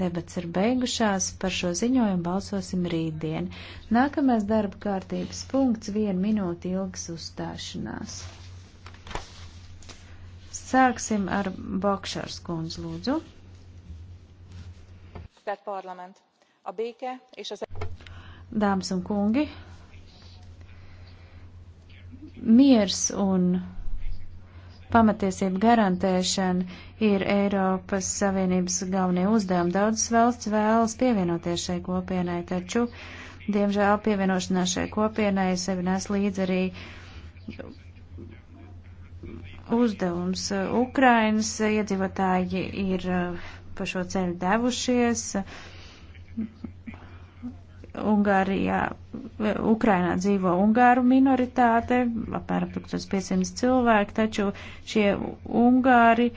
Debats ir beigušās, par šo ziņojumu balsosim rītdien. Nākamais darba kārtības punkts - viena minūte ilgas uzstāšanās. Sāksim ar Bokšārs kundzi lūdzu. Dāmas un kungi, miers un pamatiesību garantēšana ir Eiropas Savienības galvenie uzdevumi. Daudzas valsts vēlas pievienoties šai kopienai, taču, diemžēl, pievienošanās šai kopienai sevi nes līdz arī uzdevums. Ukrainas iedzīvotāji ir pa šo ceļu devušies Ungārijā, Ukrainā dzīvo ungāru minoritāte, apmēram 1500 cilvēki, taču šie ungāri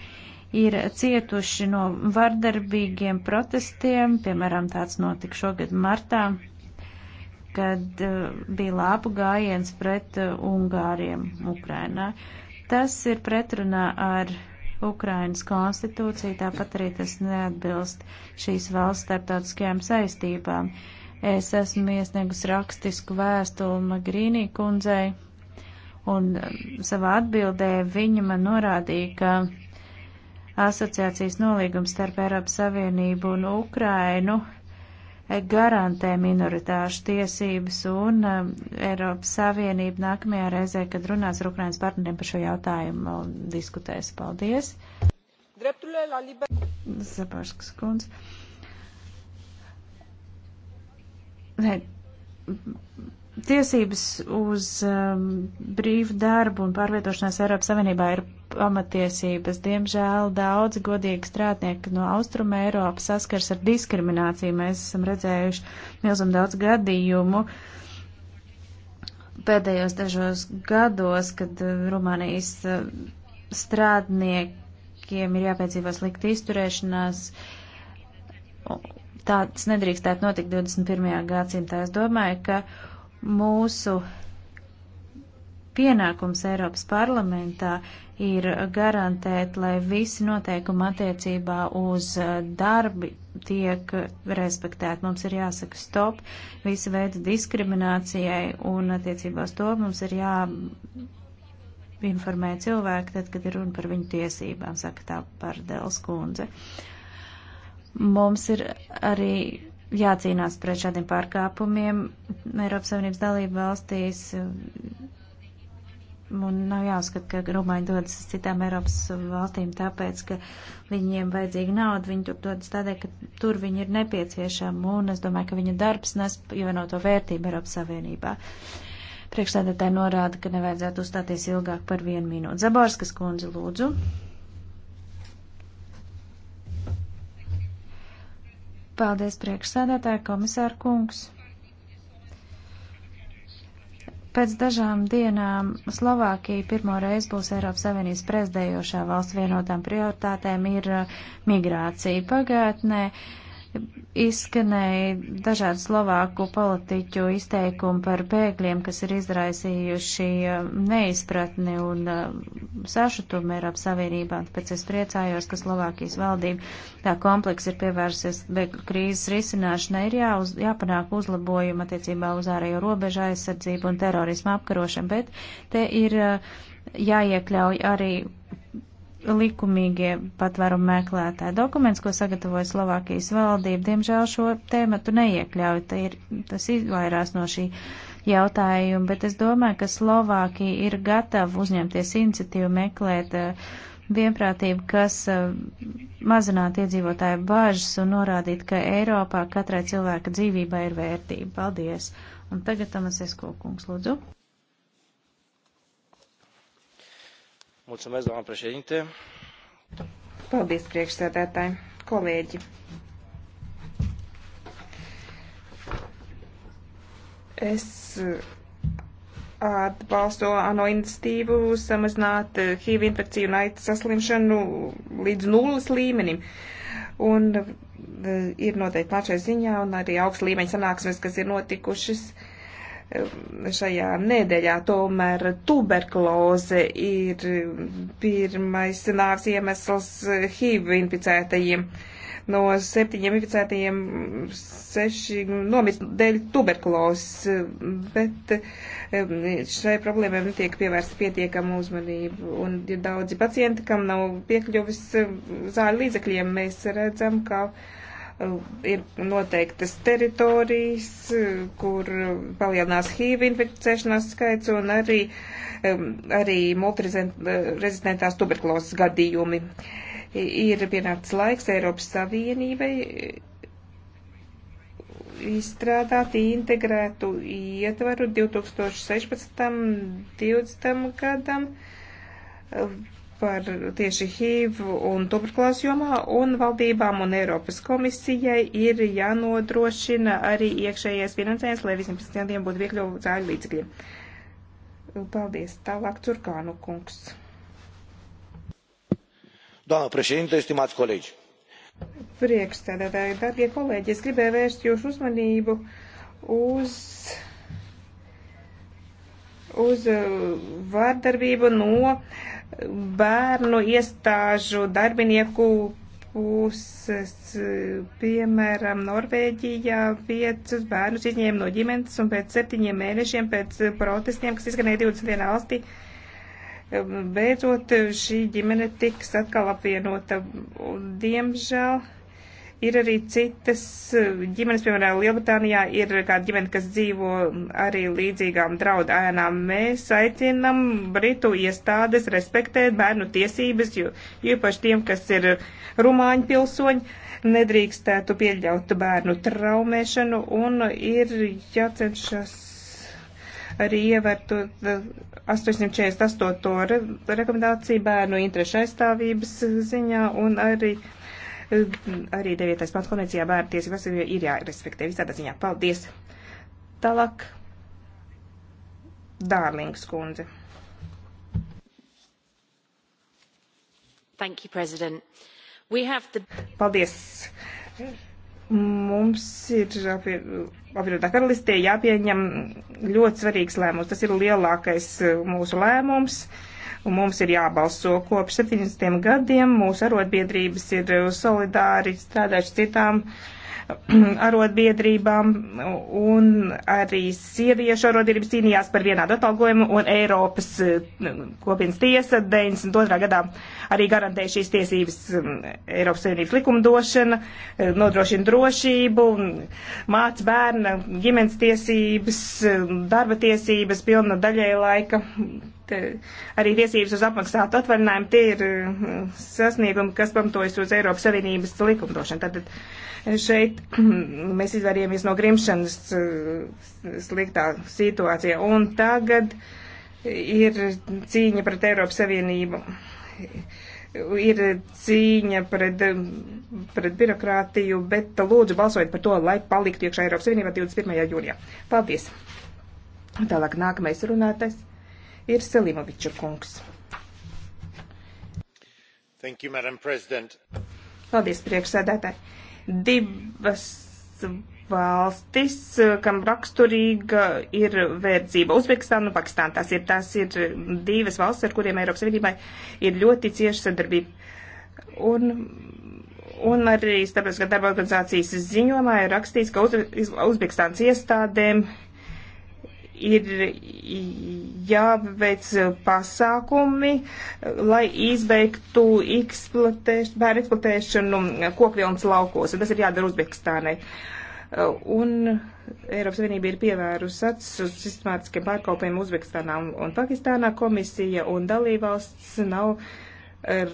ir cietuši no vardarbīgiem protestiem, piemēram, tāds notika šogad martā, kad uh, bija lāpu gājiens pret uh, Ungāriem Ukrainā. Tas ir pretrunā ar Ukrainas konstitūciju, tāpat arī tas neatbilst šīs valsts starptautiskajām saistībām. Uh, Es esmu iesniegus rakstisku vēstuli Magrīnī kundzei, un um, savā atbildē viņa man norādīja, ka asociācijas nolīgums starp Eiropas Savienību un Ukrainu garantē minoritāšu tiesības un um, Eiropas Savienība nākamajā reizē, kad runās ar Ukrainas partneriem par šo jautājumu, diskutēs. Paldies! Zabarskas kundze. ne, tiesības uz um, brīvu darbu un pārvietošanās Eiropas Savienībā ir pamatiesības. Diemžēl daudzi godīgi strādnieki no Austruma Eiropas saskars ar diskrimināciju. Mēs esam redzējuši milzumu daudz gadījumu. Uh, pēdējos dažos gados, kad uh, Rumānijas uh, strādniekiem ir jāpiedzīvo slikta izturēšanās tāds nedrīkstētu notikt 21. gadsimtā. Es domāju, ka mūsu pienākums Eiropas parlamentā ir garantēt, lai visi noteikumi attiecībā uz uh, darbi tiek respektēti. Mums ir jāsaka stop visu veidu diskriminācijai un attiecībā uz to mums ir jā informē cilvēki, tad, kad ir runa par viņu tiesībām, saka tā par Dels kundze. Uh, Mums ir arī jācīnās pret šādiem pārkāpumiem Eiropas Savienības dalību valstīs. Un nav jāuzskata, ka rumāņi dodas uz citām Eiropas valstīm tāpēc, ka viņiem vajadzīga nauda. Viņi tur dodas tādēļ, ka tur viņi ir nepieciešama. Un es domāju, ka viņa darbs nes pievienoto vērtību Eiropas Savienībā. Priekšstādātāji norāda, ka nevajadzētu uzstāties ilgāk par vienu minūti. Zaborskas kundze, lūdzu. Paldies, priekšsēdētāji, komisāra kungs. Pēc dažām dienām Slovākija pirmo reizi būs Eiropas Savienības prezidējošā valsts vienotām prioritātēm ir uh, migrācija pagātnē. Ne izskanēja dažādu slovāku politiķu izteikumi par bēgļiem, kas ir izraisījuši uh, neizpratni un uh, sašutumu Eiropas Savienībā. Tāpēc es priecājos, ka Slovākijas valdība tā kompleks ir pievērsies bēgļu krīzes risināšanai, ir jāuz, jāpanāk uzlabojumi attiecībā uz ārējo robežu aizsardzību un terorismu apkarošanu, bet te ir uh, jāiekļauj arī likumīgie patvērumu meklētāji. Dokuments, ko sagatavoja Slovākijas valdība, diemžēl šo tēmatu neiekļauj. Tā ir, tas izvairās no šī jautājuma, bet es domāju, ka Slovākija ir gatava uzņemties iniciatīvu meklēt uh, vienprātību, kas uh, mazinātu iedzīvotāju bažas un norādīt, ka Eiropā katrai cilvēka dzīvībai ir vērtība. Paldies! Un tagad Tamas Esko kungs, lūdzu. Mulțumesc, doamna președinte. Paldies, priekšsēdētāji, kolēģi. Es atbalsto ANO iniciatīvu samazināt HIV infekciju un aids saslimšanu līdz nulles līmenim. Un e, ir noteikti plašai ziņā un arī augsts līmeņa sanāksmes, kas ir notikušas uh, šajā nedēļā. Tomēr tuberkuloze ir pirmais nāves iemesls HIV inficētajiem. No septiņiem inficētajiem seši nomirst dēļ tuberkulozes, bet šai problēmai netiek pievērsta pietiekama uzmanība. Un ir daudzi pacienti, kam nav piekļuvis zāļu līdzekļiem. Mēs redzam, ka Eh, ir noteiktas teritorijas, eh, kur palielinās HIV inficēšanās skaits un arī, eh, arī multirezistentās tuberkuloses gadījumi. Ir pienācis laiks Eiropas Savienībai izstrādāt integrētu ietvaru 2016. 20. gadam par tieši HIV un tuberkulās jomā, un valdībām un Eiropas komisijai ir jānodrošina arī iekšējais finansējums, lai visiem pacientiem būtu viekļuvu zāļu līdzekļi. Paldies. Tālāk Curkānu kungs. Doamna președintă, stimați colegi. Priekšstādātāji, darbie kolēģi, es gribēju vērst jūsu uzmanību uz uz uh, vārdarbību no uh, bērnu iestāžu darbinieku puses, piemēram, Norvēģijā piecus bērnus izņēma no ģimenes un pēc septiņiem mēnešiem pēc protestiem, kas izganēja 21 valstī, beidzot šī ģimene tiks atkal apvienota. Diemžēl Ir arī citas eh, ģimenes, piemēram, Lielbritānijā ir kāda ģimene, kas dzīvo arī līdzīgām draudu ēnām. Mēs aicinam Britu iestādes respektēt bērnu tiesības, jo īpaši tiem, kas ir rumāņu pilsoņi, nedrīkstētu pieļaut bērnu traumēšanu un ir jācenšas arī ievērtu 848. Eh, rekomendāciju bērnu interešu aizstāvības ziņā un arī Arī 9. pants konvencijā bērnu tiesības ir jārespektē. Visādā ziņā paldies. Tālāk. Dārlings kundze. Thank you, President. We have the... Paldies. Mums ir apvienotā karalistē jāpieņem ļoti svarīgs lēmums. Tas ir lielākais uh, mūsu lēmums. Uh, un mums ir jābalso. Kopš 70. gadiem mūsu arotbiedrības ir solidāri strādājuši citām arotbiedrībām, un arī sieviešu arotbiedrības cīnījās par vienādu atalgojumu, un Eiropas eh, kopienas tiesa 92. gadā arī garantēja šīs tiesības mm, Eiropas Savienības likumdošana, eh, nodrošina drošību, mm, māc bērna ģimenes tiesības, mm, darba tiesības, pilna daļai laika Eh, arī tiesības uz apmaksātu atvaļinājumu, tie ir eh, sasniegumi, kas pamatojas uz Eiropas Savienības likumdošanu. Tātad eh, šeit mēs izvairījāmies no grimšanas sliktā situācijā. Un tagad ir cīņa pret Eiropas Savienību. Ir cīņa pret, pret birokrātiju, bet lūdzu balsojiet par to, lai paliktu iekšā Eiropas Savienībā 21. jūnijā. Paldies! Tālāk nākamais runātais ir Selimoviča kungs. Thank you, Madam President. Paldies, priekšsēdētāji. Divas valstis, kam raksturīga ir verdzība. Uzbekistāna un Pakistāna tās ir, tās ir divas valstis, ar kuriem Eiropas Savienībai ir ļoti cieša sadarbība. Un, un arī starptautiskā darba organizācijas ziņojumā ir rakstīts, ka uz, uz, Uzbekistānas iestādēm ir jāveic pasākumi, lai izbeigtu bērnu eksploatēšanu kokvilnas laukos, un tas ir jādara Uzbekistānai. Un Eiropas Savienība ir pievērusi acis uz sistemātiskiem pārkopiem Uzbekistānā un Pakistānā. Komisija un dalībvalsts nav er,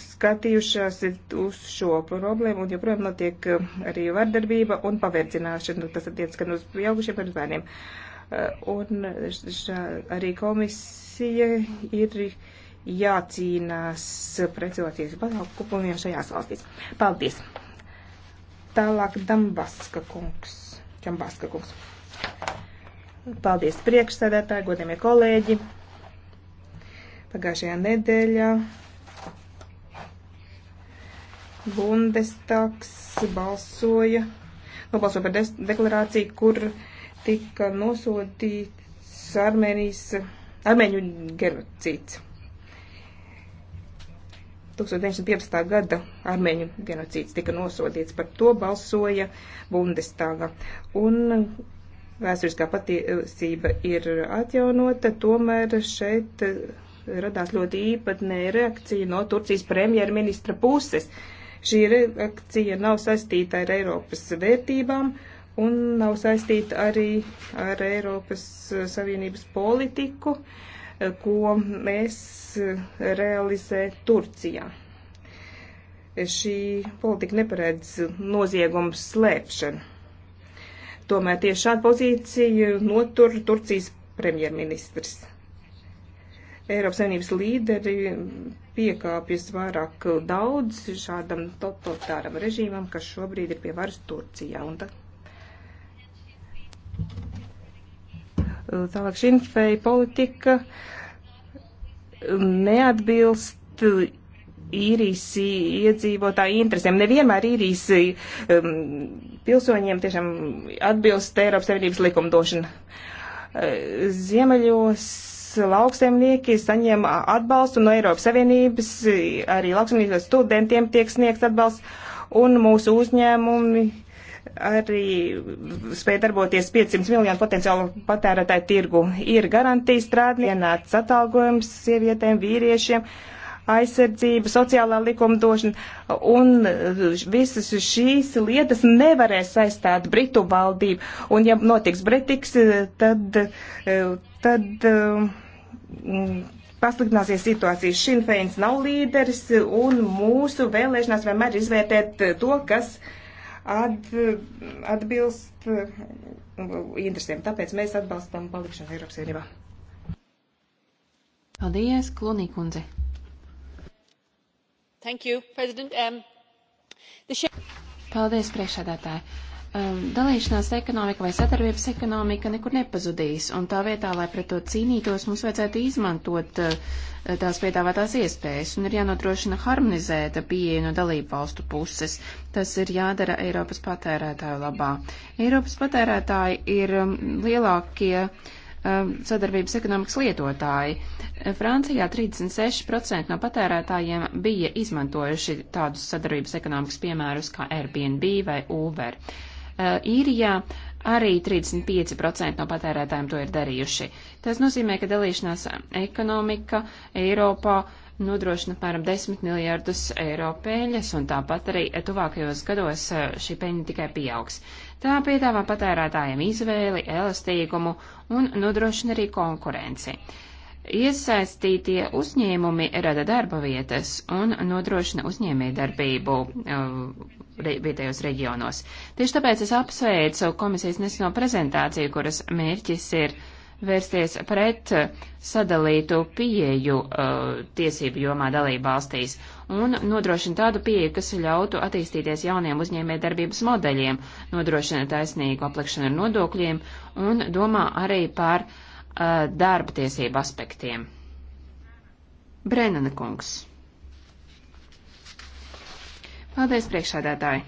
skatījušās uz šo problēmu, un joprojām notiek er, arī vardarbība un pavērdzināšana. Tas attiec gan uz pieaugušiem, gan uz bērniem. Uh, Un arī komisija ir jācīnās pretoties bazāku kupumiem šajās valstīs. Paldies! Tālāk Dambaska kungs. Čambaska kungs. Paldies priekšsēdētāji, godamie kolēģi. Pagājušajā nedēļā Bundestags balsoja, nobalsoja nu, par deklarāciju, kur uh, tika nosodīts Armēnijas, armēņu genocīds. 1915. gada armēņu genocīds tika nosodīts, par to balsoja Bundestāga. Un vēsturiskā patiesība ir atjaunota, tomēr šeit radās ļoti īpatnēja reakcija no Turcijas premjerministra puses. Šī reakcija nav saistīta ar Eiropas vērtībām un nav saistīta arī ar Eiropas eh, Savienības politiku, eh, ko mēs eh, realizē Turcijā. Šī politika neparedz noziegumu slēpšanu. Tomēr tieši šādu pozīciju notur Turcijas premjerministrs. Eiropas Savienības līderi piekāpjas vairāk daudz šādam totalitāram režīmam, kas šobrīd ir pie varas Turcijā. Un tad Tālāk Šinfei politika neatbilst īrijas iedzīvotāju interesēm. Nevienmēr īrijas um, pilsoņiem tiešām atbilst Eiropas Savienības likumdošana. Uh, Ziemeļos lauksaimnieki saņem atbalstu no Eiropas Savienības, arī lauksaimniecības studentiem tiek sniegts atbalsts, un mūsu uzņēmumi uh, arī spēja darboties 500 miljonu potenciālu patērētāju tirgu. Ir garantijas strādnieki, ienācis atalgojums sievietēm, vīriešiem, aizsardzība, sociālā likumdošana, un visas šīs lietas nevarēs saistāt Britu valdību, un ja notiks Britiks, tad, tad pasliktināsies situācija. Šinfeins nav līderis, un mūsu vēlēšanās vienmēr izvērtēt to, kas at, atbilst uh, interesēm. Tāpēc mēs atbalstam palikšanu Eiropas Savienībā. Paldies, Klunī kundze. Thank you, President. Um, the... Paldies, priekšādātāji um, dalīšanās ekonomika vai sadarbības ekonomika nekur nepazudīs, un tā vietā, lai pret to cīnītos, mums vajadzētu izmantot uh, tās piedāvātās iespējas, un ir jānodrošina harmonizēta pieeja no dalību valstu puses. Tas ir jādara Eiropas patērētāju labā. Eiropas patērētāji ir um, lielākie um, sadarbības ekonomikas lietotāji. Francijā 36% no patērētājiem bija izmantojuši tādus sadarbības ekonomikas piemērus kā Airbnb vai Uber. Uh, Eh, Īrijā arī 35% no patērētājiem to ir darījuši. Tas nozīmē, ka dalīšanās ekonomika Eiropā nodrošina apmēram 10 miljārdus eiro peļņas, un tāpat arī tuvākajos gados eh, šī peļņa tikai pieaugs. Tā piedāvā patērētājiem izvēli, elastīgumu un nodrošina arī konkurenci. Iesaistītie uzņēmumi rada darba vietas un nodrošina uzņēmēju darbību um, re, vietējos reģionos. Tieši tāpēc es apsveicu komisijas neseno prezentāciju, kuras mērķis ir vērsties pret sadalītu pieeju uh, tiesību jomā dalību valstīs un nodrošina tādu pieeju, kas ļautu attīstīties jauniem uzņēmējdarbības modeļiem, nodrošina taisnīgu aplikšanu ar nodokļiem un domā arī par uh, Uh, darba tiesību aspektiem. Brennana kungs. Paldies, priekšsēdētāji!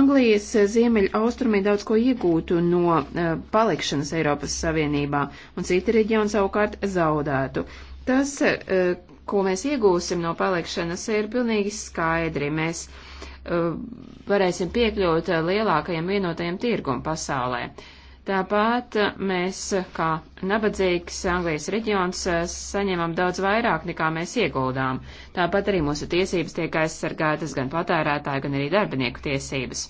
Anglijas uh, ziemeļa austrumi daudz ko iegūtu no uh, palikšanas Eiropas Savienībā, un citi reģioni savukārt zaudētu. Tas, uh, ko mēs iegūsim no palikšanas, ir pilnīgi skaidri. Mēs uh, varēsim piekļūt uh, lielākajam vienotajam tirgum pasaulē. Uh, Tāpat mēs, kā nabadzīgs Anglijas reģions, saņemam daudz vairāk nekā mēs ieguldām. Tāpat arī mūsu tiesības tiek aizsargātas gan patērētāju, gan arī darbinieku tiesības.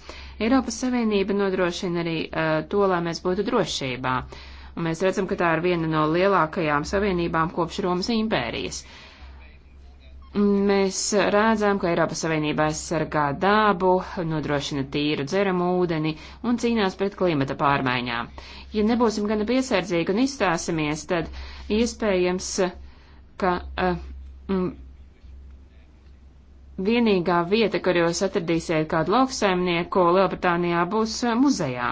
Eiropas Savienība nodrošina arī uh, to, lai mēs būtu drošībā. Un mēs redzam, ka tā ir viena no lielākajām savienībām kopš Romas impērijas. Uh, Mēs redzam, ka Eiropas Savienība aizsargā dabu, nodrošina tīru dzeramu ūdeni un cīnās pret klimata pārmaiņām. Ja nebūsim gana piesardzīgi un izstāsimies, tad iespējams, ka uh, vienīgā vieta, kur jūs atradīsiet kādu lauksaimnieku Lielbritānijā, būs muzejā.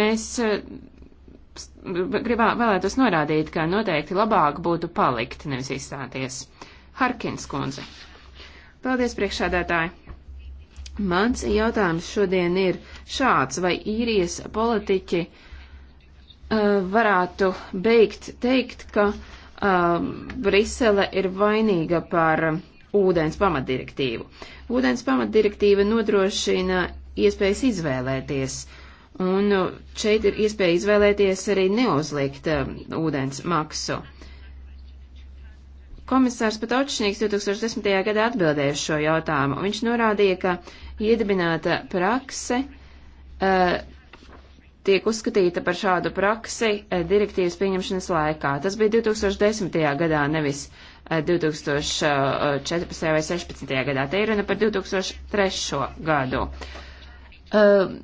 Mēs gribā, vēlētos norādīt, ka noteikti labāk būtu palikt, nevis izstāties. Harkins kundze. Paldies, priekšādātāji! Mans jautājums šodien ir šāds, vai īrijas politiķi uh, varētu beigt teikt, ka uh, Brisele ir vainīga par uh, ūdens pamatdirektīvu. Ūdens pamatdirektīva nodrošina iespējas izvēlēties, un uh, šeit ir iespēja izvēlēties arī neuzlikt um, ūdens maksu. Uh, Komisārs Patočnīgs 2010. gadā atbildēja uz šo jautājumu. Viņš norādīja, ka iedibināta prakse uh, tiek uzskatīta par šādu praksi uh, direktīvas pieņemšanas laikā. Tas bija 2010. gadā, nevis uh, eh, 2014. vai 2016. gadā. Te ir runa par 2003. gadu. Uh,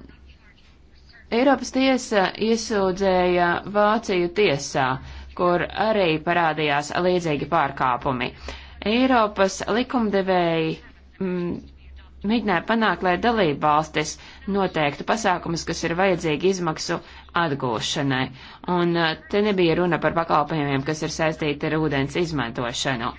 Eiropas tiesa iesūdzēja Vāciju tiesā. Uh, kur arī parādījās līdzīgi pārkāpumi. Eiropas likumdevēji mm, mēģināja panākt, lai dalība valstis noteiktu pasākumus, kas ir vajadzīgi izmaksu atgūšanai. Un eh, te nebija runa par pakalpojumiem, kas ir saistīti ar ūdens izmantošanu.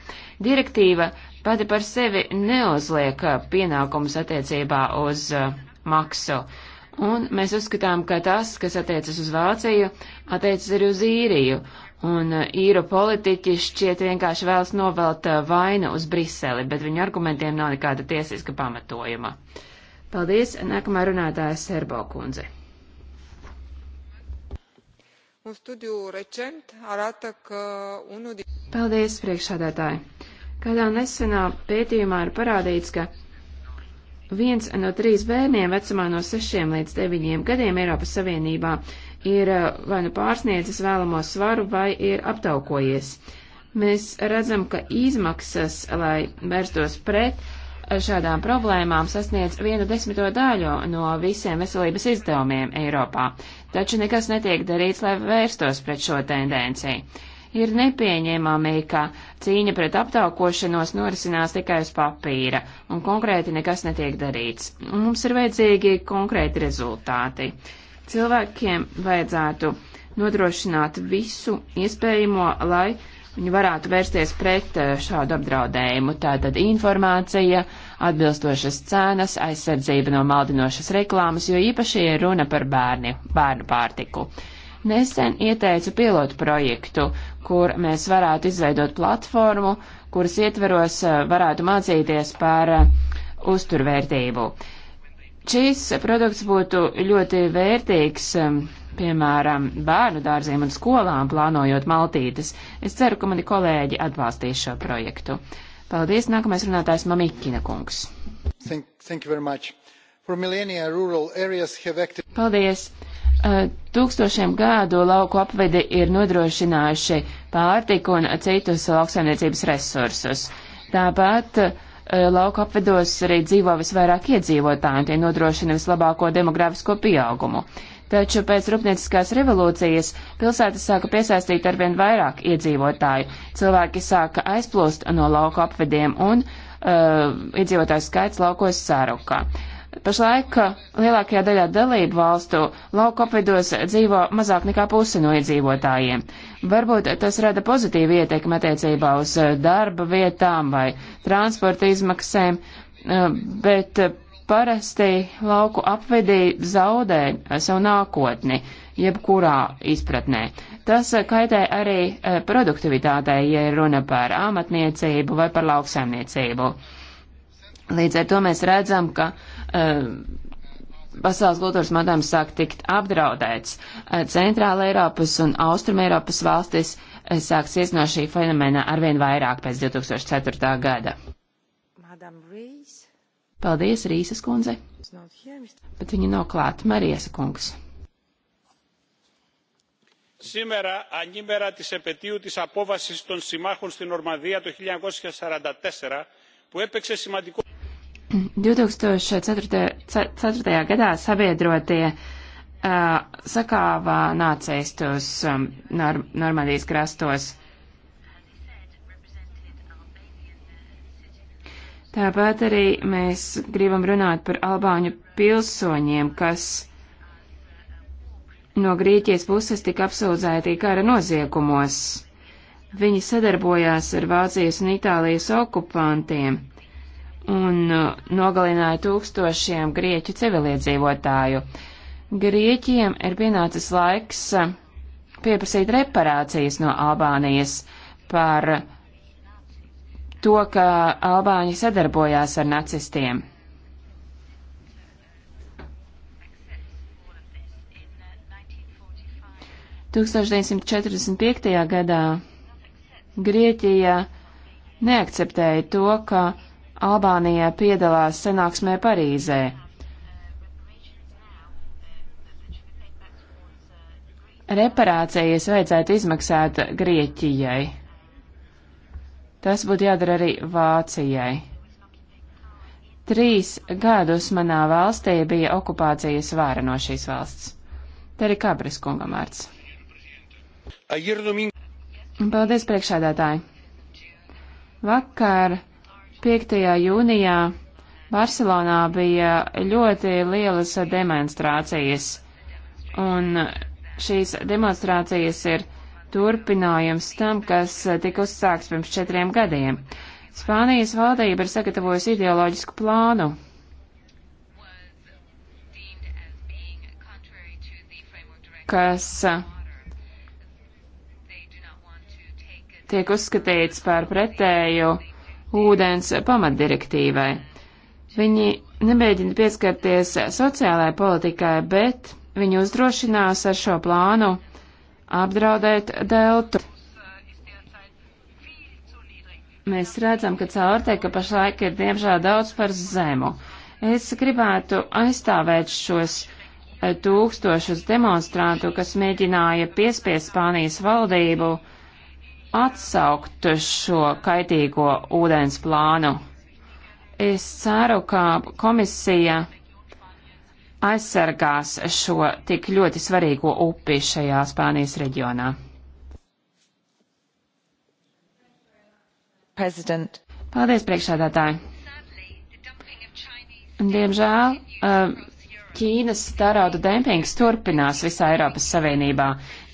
Direktīva pati par sevi neuzliek eh, pienākumus attiecībā uz uh, maksu. Uh, Un mēs uzskatām, ka tas, kas attiecas uz Vāciju, attiecas arī uz īriju. Un uh, īru politiķi šķiet vienkārši vēlas novelt uh, vainu uz Briseli, bet viņu argumentiem nav nekāda tiesiska pamatojuma. Paldies, nākamā runātāja Serbo kundze. Paldies, priekšsādātāji. Kādā nesenā pētījumā ir parādīts, ka Viens no trīs bērniem vecumā no 6 līdz 9 gadiem Eiropas Savienībā ir uh, vai nu pārsniedzis vēlamo svaru vai ir aptaukojies. Mēs redzam, ka izmaksas, lai vērstos pret uh, šādām problēmām, sasniedz vienu desmito daļu no visiem veselības izdevumiem Eiropā, taču nekas netiek darīts, lai vērstos pret šo tendenciju. Ir nepieņēmami, ka cīņa pret aptaukošanos norisinās tikai uz papīra, un konkrēti nekas netiek darīts. Mums ir vajadzīgi konkrēti rezultāti. Cilvēkiem vajadzētu nodrošināt visu iespējamo, lai viņi varētu vērsties pret eh, šādu apdraudējumu. Tātad informācija, atbilstošas cenas, aizsardzība no maldinošas reklāmas, jo īpaši ir runa par bērni, bērnu pārtiku nesen ieteicu pilotu projektu, kur mēs varētu izveidot platformu, kuras ietveros eh, varētu mācīties par eh, uzturvērtību. Šīs produkts būtu ļoti vērtīgs, eh, piemēram, bērnu dārziem un skolām plānojot maltītes. Es ceru, ka mani kolēģi atbalstīs šo projektu. Paldies, nākamais runātājs Mamikina kungs. Thank, thank you very much. For millennia, rural areas have acted... Paldies. Eh, tūkstošiem gādu lauku apvidi ir nodrošinājuši pārtiku un citus lauksaimniecības resursus. Tāpat eh, lauku apvidos arī dzīvo visvairāk iedzīvotāji un tie nodrošina vislabāko demografisko pieaugumu. Taču pēc rūpnieciskās revolūcijas pilsētas sāka piesaistīt arvien vairāk iedzīvotāju. Cilvēki sāka aizplūst no lauku apvidiem un uh, iedzīvotāju skaits laukos sārukā. Uh, Pašlaik eh, lielākajā daļā dalību valstu lauku apvidos dzīvo mazāk nekā pusi no iedzīvotājiem. Varbūt tas rada pozitīvu ietekmi attiecībā uz eh, darba vietām vai transporta izmaksēm, eh, bet parasti lauku apvidī zaudē savu nākotni, jebkurā izpratnē. Tas kaitē arī produktivitātei, ja runa par āmatniecību vai par lauksaimniecību. Līdz ar to mēs redzam, ka uh, pasaules kultūras modelis sāk tikt apdraudēts. Uh, Centrāla Eiropas un Austruma Eiropas valstis uh, eh, sāk ciest no šī fenomena arvien vairāk pēc 2004. gada. Paldies, Rīsas kundze. Bet viņa nav klāta, Marijas kungs. Σήμερα ανήμερα της επαιτίου της απόβασης των συμμάχων στην Ορμανδία το 1944 που έπαιξε σημαντικό 2004. 4. gadā sabiedrotie uh, sakāvā nācēstos um, Nor Normandijas krastos. Tāpat arī mēs gribam runāt par albāņu pilsoņiem, kas no Grieķijas puses tika apsūdzēti kara noziegumos. Viņi sadarbojās ar Vācijas un Itālijas okupantiem un uh, nogalināja tūkstošiem grieķu civiliedzīvotāju. Grieķiem ir pienācis laiks uh, pieprasīt reparācijas no Albānijas par to, ka Albāņi sadarbojās ar nacistiem. Tūkstošdeviņsimtčetrdesmit gadā Grieķija neakceptēja to, ka Albānija piedalās sanāksmē Parīzē. Reparācijas vajadzētu izmaksāt Grieķijai. Tas būtu jādara arī Vācijai. Trīs gadus manā valstī bija okupācijas vāra no šīs valsts. Te arī Kabris kungam vārds. Paldies priekšādātāji. Vakar 5. jūnijā Barcelonā bija ļoti lielas demonstrācijas, un šīs demonstrācijas ir turpinājums tam, kas tika uzsāks pirms četriem gadiem. Spānijas valdība ir sagatavojusi ideoloģisku plānu, kas uh, tiek uzskatīts par pretēju ūdens pamatdirektīvai. Viņi nemēģina pieskarties sociālajai politikai, bet viņi uzdrošinās ar šo plānu apdraudēt deltu. Mēs redzam, ka caurteika pašlaik ir diemžēl daudz par zemu. Es gribētu aizstāvēt šos eh, tūkstošus demonstrantu, kas mēģināja piespiest Spānijas valdību uh, atsaukt šo kaitīgo ūdens plānu. Es ceru, ka komisija aizsargās šo tik ļoti svarīgo upi šajā Spānijas reģionā. President. Paldies, priekšādātāji. Diemžēl uh, Ķīnas starauda dempings turpinās visā Eiropas Savienībā.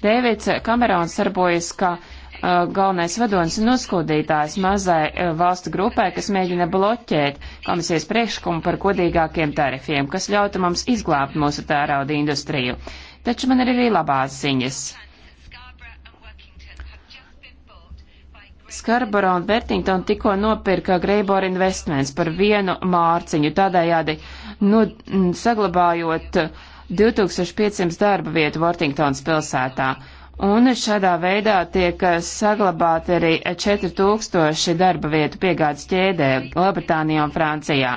Dēvids Kamerons darbojas, ka Uh, galvenais vadonis un noskūdītājs mazai uh, valstu grupai, kas mēģina bloķēt komisijas priekšlikumu par godīgākiem tarifiem, kas ļautu mums izglābt mūsu tērauda industriju. Taču man ir arī labās ziņas. Skarbora un Vertington tikko nopirka Greibor Investments par vienu mārciņu, tādējādi nu, saglabājot 2500 uh, darba vietu Vortingtons pilsētā. Un šādā veidā tiek eh, saglabāti arī 4000 darba vietu piegādes ķēdē Lielbritānijā un Francijā.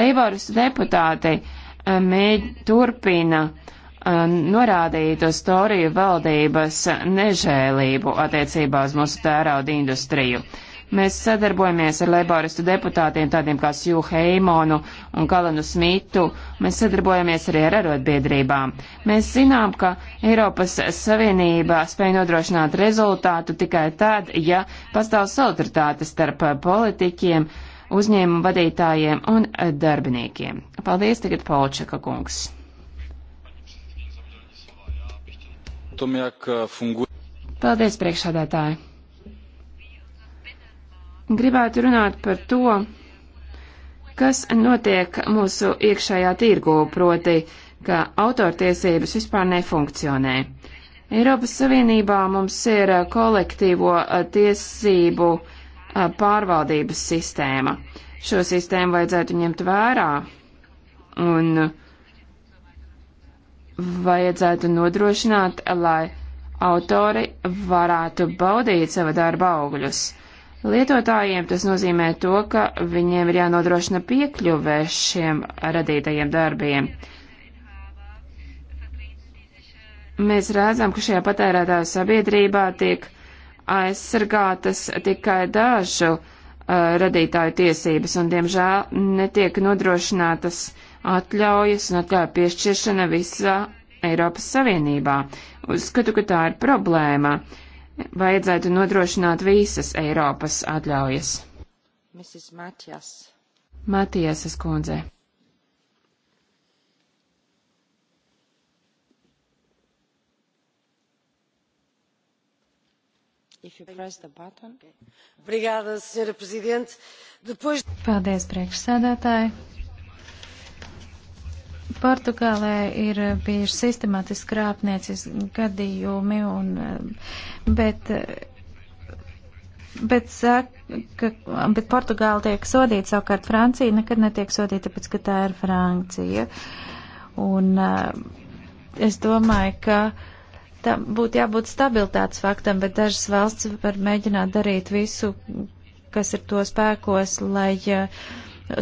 Leiboras deputāti eh, mēģ turpina eh, norādīt uz Toriju valdības nežēlību attiecībā uz mūsu tērauda industriju. Mēs sadarbojamies ar laboristu deputātiem tādiem kā Sju Heimonu un Kalanu Smitu. Mēs sadarbojamies arī ar arotbiedrībām. Mēs zinām, ka Eiropas Savienība spēja nodrošināt rezultātu tikai tad, ja pastāv solidaritāte starp politiķiem, uzņēmumu vadītājiem un darbiniekiem. Paldies tagad Polčaka kungs. Eh, Paldies priekšādātāji gribētu runāt par to, kas notiek mūsu iekšējā tirgū, proti, ka autortiesības vispār nefunkcionē. Eiropas Savienībā mums ir eh, kolektīvo eh, tiesību eh, pārvaldības sistēma. Šo sistēmu vajadzētu ņemt vērā un vajadzētu nodrošināt, lai autori varētu baudīt sava darba augļus. Uh, Lietotājiem tas nozīmē to, ka viņiem ir jānodrošina piekļuvē šiem radītajiem darbiem. Mēs redzam, ka šajā patērētāju sabiedrībā tiek aizsargātas tikai dažu uh, radītāju tiesības, un, diemžēl, netiek nodrošinātas atļaujas un atļauja piešķiršana visā Eiropas Savienībā. Uzskatu, ka tā ir problēma vajadzētu nodrošināt visas Eiropas atļaujas. Matijas. Matijasas kundze. Paldies, priekšsēdētāji. Portugālē ir bijuši sistemātiski krāpniecis gadījumi, un, bet, bet, saka, bet Portugāla tiek sodīta, savukārt Francija nekad netiek sodīta, tāpēc, ka tā ir Francija. Un es domāju, ka tam būtu jābūt stabilitātes faktam, bet dažas valsts var mēģināt darīt visu, kas ir to spēkos, lai uh,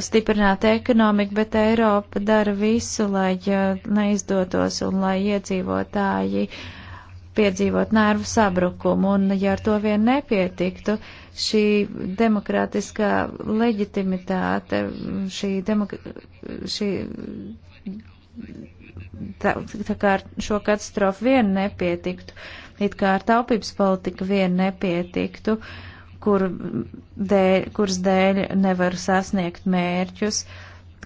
stiprināt ekonomiku, bet Eiropa dara visu, lai neizdotos un lai iedzīvotāji piedzīvot nervu sabrukumu. Un, ja ar to vien nepietiktu, šī demokrātiskā leģitimitāte, šī, demok šī tā, tā kā ar šo katastrofu vien nepietiktu, it kā ar taupības politiku vien nepietiktu. Uh, kur dēļ, kuras dēļ nevar sasniegt mērķus.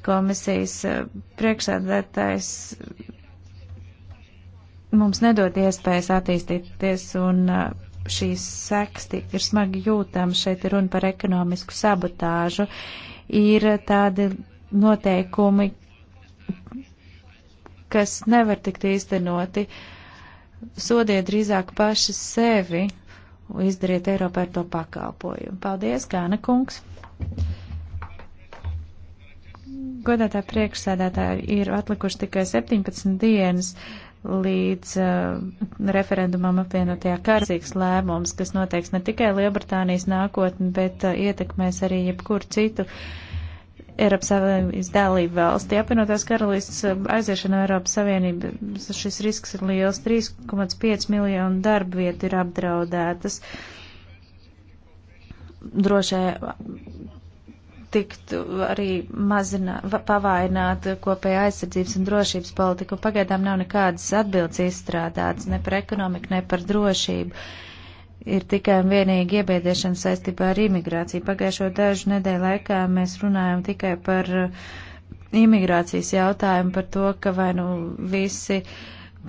Komisijas eh, priekšsēdētājs mums nedod iespējas attīstīties un eh, šīs sekas ir smagi jūtams. Šeit ir runa par ekonomisku sabotāžu. Ir tādi noteikumi, kas nevar tikt īstenoti. Sodiet drīzāk paši sevi, Izdariet Eiropā ar to pakalpojumu. Paldies, Gāna kungs! Godātā priekšsēdētāja ir atlikuši tikai 17 dienas līdz uh, referendumam apvienotajā kārtīgs lēmums, kas noteiks ne tikai Lielbritānijas nākotni, bet uh, ietekmēs arī jebkuru citu uh, Eiropas Savienības dalību valsti. Apvienotās karalists um, aiziešana Eiropas Savienība, šis risks ir liels, 3,5 miljonu darba vietu ir apdraudētas. Drošai tiktu arī mazināt, pavaināt kopēja aizsardzības un drošības politiku. Pagaidām nav nekādas atbildes izstrādātas ne par ekonomiku, ne par drošību. Uh, ir tikai un vienīgi iebiedēšana saistībā ar imigrāciju. Pagājušo dažu nedēļu laikā mēs runājam tikai par uh, imigrācijas jautājumu, par to, ka vai nu visi,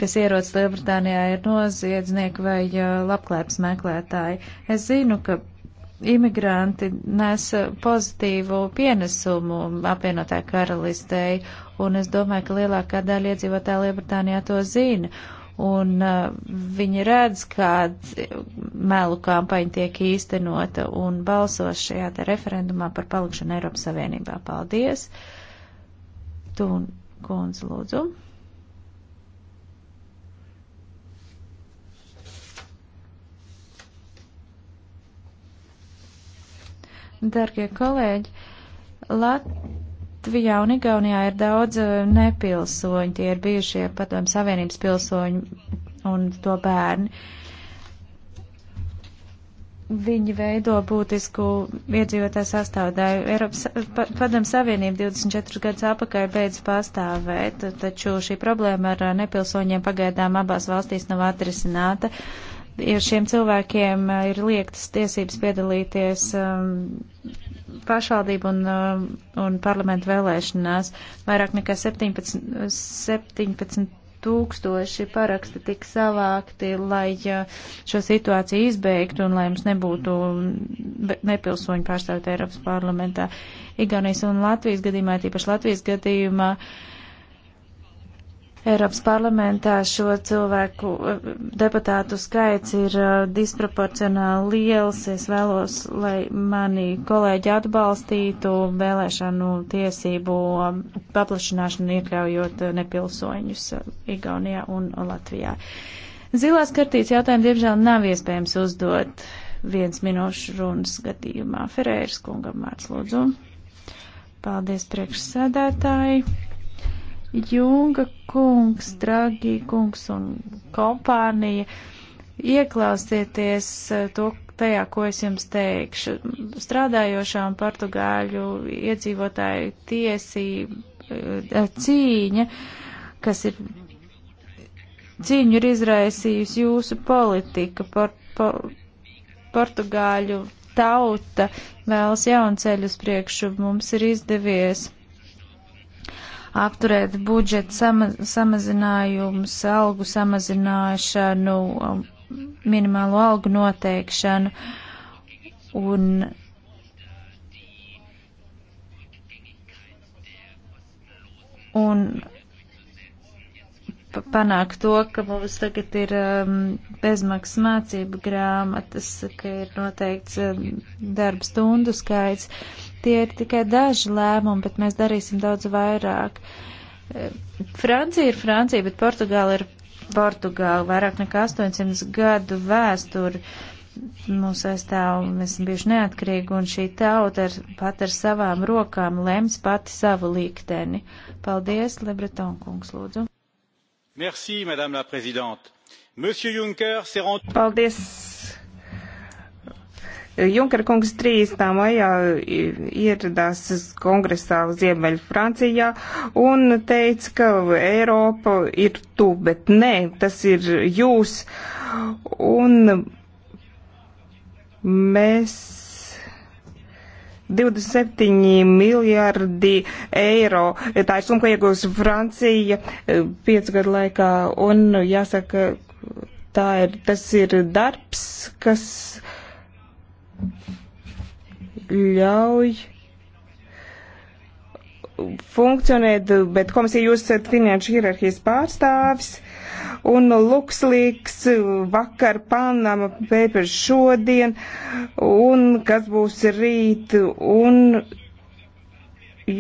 kas ierodas Lielbritānijā, ir noziedznieki vai uh, labklājības meklētāji. Es zinu, ka imigranti nes uh, pozitīvu pienesumu apvienotāju karalistei, un es domāju, ka lielākā daļa iedzīvotāja Lielbritānijā to zina un uh, viņi redz, kā melu kampaņa tiek īstenota un balsos šajā te referendumā par palikšanu Eiropas Savienībā. Paldies! Tūn, kundze, lūdzu. Dargie kolēģi, Latvijas. Latvijā un Igaunijā ir daudz e, nepilsoņu, tie ir bijušie padomju savienības pilsoņi un to bērni. Viņi veido būtisku iedzīvotāju sastāvdaļu. Eiropas pa, padomu savienība 24 gadus apakaļ beidz pastāvēt, taču šī problēma ar nepilsoņiem pagaidām abās valstīs nav atrisināta. Uh, šiem cilvēkiem eh, ir liektas tiesības piedalīties um, pašvaldību un, um, un parlamentu vēlēšanās. Vairāk nekā 17, 17 tūkstoši paraksti tika savākti, lai šo situāciju izbeigtu un lai mums nebūtu nepilsoņu pārstāvot Eiropas parlamentā. Igaunijas un Latvijas gadījumā, tīpaši Latvijas gadījumā, uh, Eiropas parlamentā šo cilvēku eh, deputātu skaits ir eh, disproporcionāli liels. Es vēlos, lai mani kolēģi atbalstītu vēlēšanu tiesību um, paplašināšanu, iekļaujot eh, nepilsoņus Igaunijā un Latvijā. Zilās kartītes jautājumu diemžēl nav iespējams uzdot viens minūšu runas gadījumā. Ferēras kungam vārds lūdzu. Paldies priekšsēdētāji. Junga kungs, Dragi kungs un kompānija, ieklausieties eh, to, tajā, ko es jums teikšu. Strādājošām portugāļu iedzīvotāju tiesība eh, cīņa, kas ir cīņu ir izraisījusi jūsu politika par, par portugāļu tauta vēlas jaunceļus priekšu mums ir izdevies apturēt budžeta sama, samazinājumus, algu samazināšanu, um, minimālo algu noteikšanu un un panāk to, ka mums tagad ir um, bezmaksas mācību grāmatas, ka ir noteikts um, darba stundu skaits. Tie ir tikai daži lēmumi, bet mēs darīsim daudz vairāk. Francija ir Francija, bet Portugāla ir Portugāla. Vairāk nekā 800 gadu vēsturi mūs aizstāv, mēs esam bijuši neatkarīgi, un šī tauta ar, pat ar savām rokām lems pati savu likteni. Paldies, Lebreton kungs, lūdzu. Merci, madame la présidente. Monsieur Juncker s'est rendu. Paldies, Junkera kungs 3. maijā ieradās kongresā Ziemeļ Francijā un teica, ka Eiropa ir tu, bet nē, tas ir jūs. Un mēs 27 miljardi eiro. Tā ir summa, ko iegūs Francija e, piecu gadu laikā. Un jāsaka, tā ir, tas ir darbs, kas ļauj funkcionēt, bet komisija jūs esat finanšu hierarhijas pārstāvis. Un Luxlīks vakar Panama Papers šodien, un kas būs rīt, un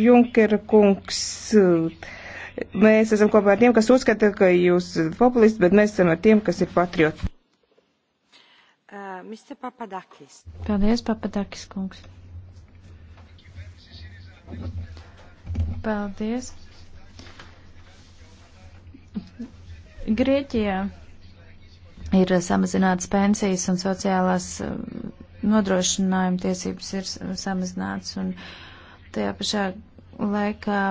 Junkera kungs. Mēs esam kopā ar tiem, kas uzskata, ka jūs populisti, bet mēs esam ar tiem, kas ir patrioti. Uh, Mr. Papadakis. Paldies, Papadakis kungs. Paldies. Grieķijā ir samazināts pensijas un sociālās uh, nodrošinājuma tiesības ir samazināts un tajā pašā laikā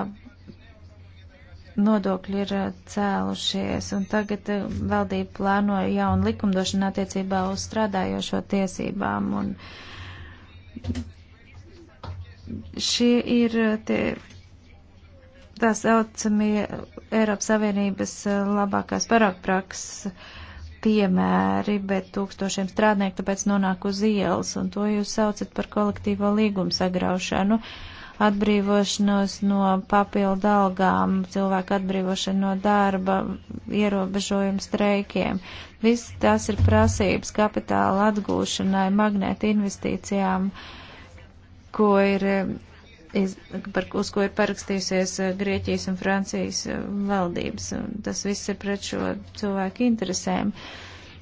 nodokļi ir eh, cēlušies, un tagad eh, valdība plāno jaunu likumdošanu attiecībā uz strādājošo tiesībām. Un šie ir eh, tie tā saucamie Eiropas Savienības labākās parākprakses piemēri, bet tūkstošiem strādnieku tāpēc nonāk uz ielas, un to jūs saucat par kolektīvo līgumu sagraušanu. Uh, atbrīvošanos no papildu algām, cilvēku atbrīvošanu no darba, ierobežojumu streikiem. Viss tas ir prasības kapitāla atgūšanai, magnēta investīcijām, ko ir, iz, par, uz ko ir parakstījusies eh, Grieķijas un Francijas eh, valdības. Tas viss ir pret šo cilvēku interesēm.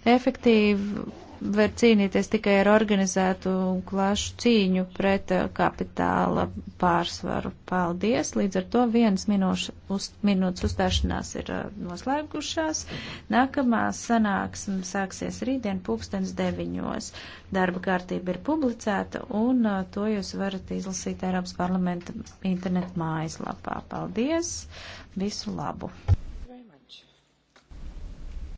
Efektīvi var cīnīties tikai ar organizētu un plašu cīņu pret uh, kapitāla pārsvaru. Paldies! Līdz ar to vienas minūšu, uz, minūtes uzstāšanās ir uh, noslēgušās. Nākamā sanāksme sāksies rītdien pūkstens deviņos. Darba kārtība ir publicēta un uh, to jūs varat izlasīt Eiropas parlamenta internetu mājaslapā. Paldies! Visu labu!